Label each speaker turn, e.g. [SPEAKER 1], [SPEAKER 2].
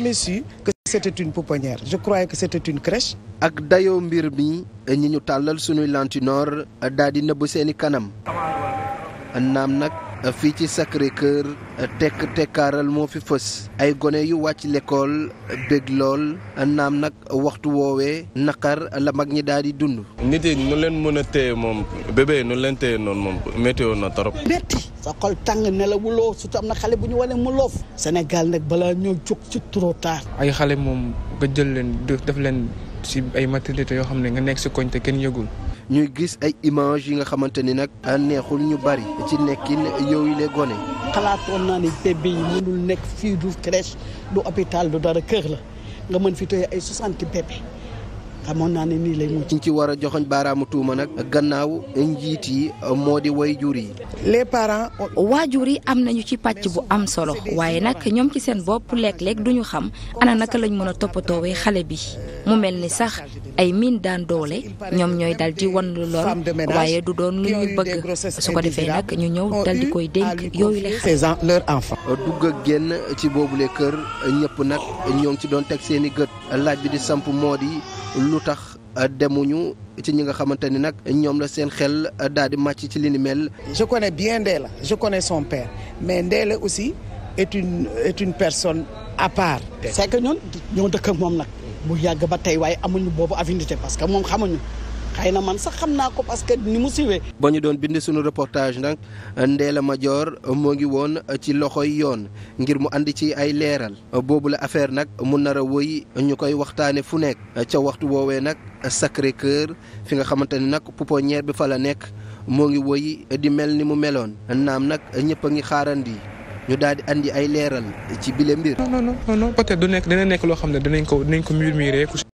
[SPEAKER 1] jamais su que je croyais que c'était une ak dayo mbir mi ñi ñu tàllal sunuy lantinoor daal di nëbb seeni kanam naam nag fii ci Sacré-Cœur tekk tekkaaral moo fi fës ay gone yu wàcc l'école bég lool naam nag waxtu woowee naqar la mag ñi daal di dund. nit yi leen mën a téye moom bébé nu leen téye noonu moom météo na torop.
[SPEAKER 2] sa xol tàng nelawuloo su am na xale bu ñu wane mu loof. Sénégal nag balaa ñoo jóg ci trop tard.
[SPEAKER 1] ay xale moom nga jël leen def leen si ay maternité yoo xam ne nga nekk si koñ te kenn yëgul. ñuy gis ay image yi nga xamante ni nag neexul ñu bari ci nekkin
[SPEAKER 2] yooyu le gone. xalaatoon naa ni bébé yi mënul nekk fii du crèche du hôpital du dara kër la nga mën fi tooy ay soixante bébé. xamoon naa ne nii lay mujj. ñu ci war
[SPEAKER 1] a joxoñ baaraamu tuuma nag gannaaw njiit yi moo di woy jur yi. les parents. waajur yi am nañu ci pàcc bu am solo
[SPEAKER 3] waaye nag ñoom ci seen bopp léeg-léeg duñu xam ana naka lañ mën a toppatoowee xale bi mu mel ni sax ay miin daan doole ñoom ñooy dal di wan lu lor waaye du doon lu ñu bëgg su ko defee nag ñu ñëw dal di
[SPEAKER 1] koy dénk yooyu la xale. dugg ak génn ci boobu boobule kër ñëpp nag ñoo ci doon teg seen i gët laaj bi di samp moo di lu tax euh, demuñu ci ñi nga xamante ni nag ñoom la seen xel euh, daal di màcc ci li ni mel. je connais bien Ndella je
[SPEAKER 2] connais son père mais la aussi et une est une personne à part. c'est que ñun ñoo dëkk moom nag. bu yàgg ba tey waaye amuñu boobu afinité parce que moom xamuñu. ay na man sax xam naa ko parce que
[SPEAKER 1] ni mu siwee. ba ñu doon bind suñu reportage nag Ndella Madior moo ngi woon ci loxo loxoy yoon ngir mu andi ci ay leeral boobu la affaire nag mu nar a wëy ñu koy waxtaane fu nekk ca waxtu woowee nag Sacré Cœur fi nga xamante ni nag pouponnière bi fa la nekk moo ngi woy di mel ni mu meloon naam nag ñëpp a ngi xaarandi. ñu daal di andi ay leeral ci bile mbir. non non non peut-être du nekk loo xam ne danañ ko danañ ko murmurer.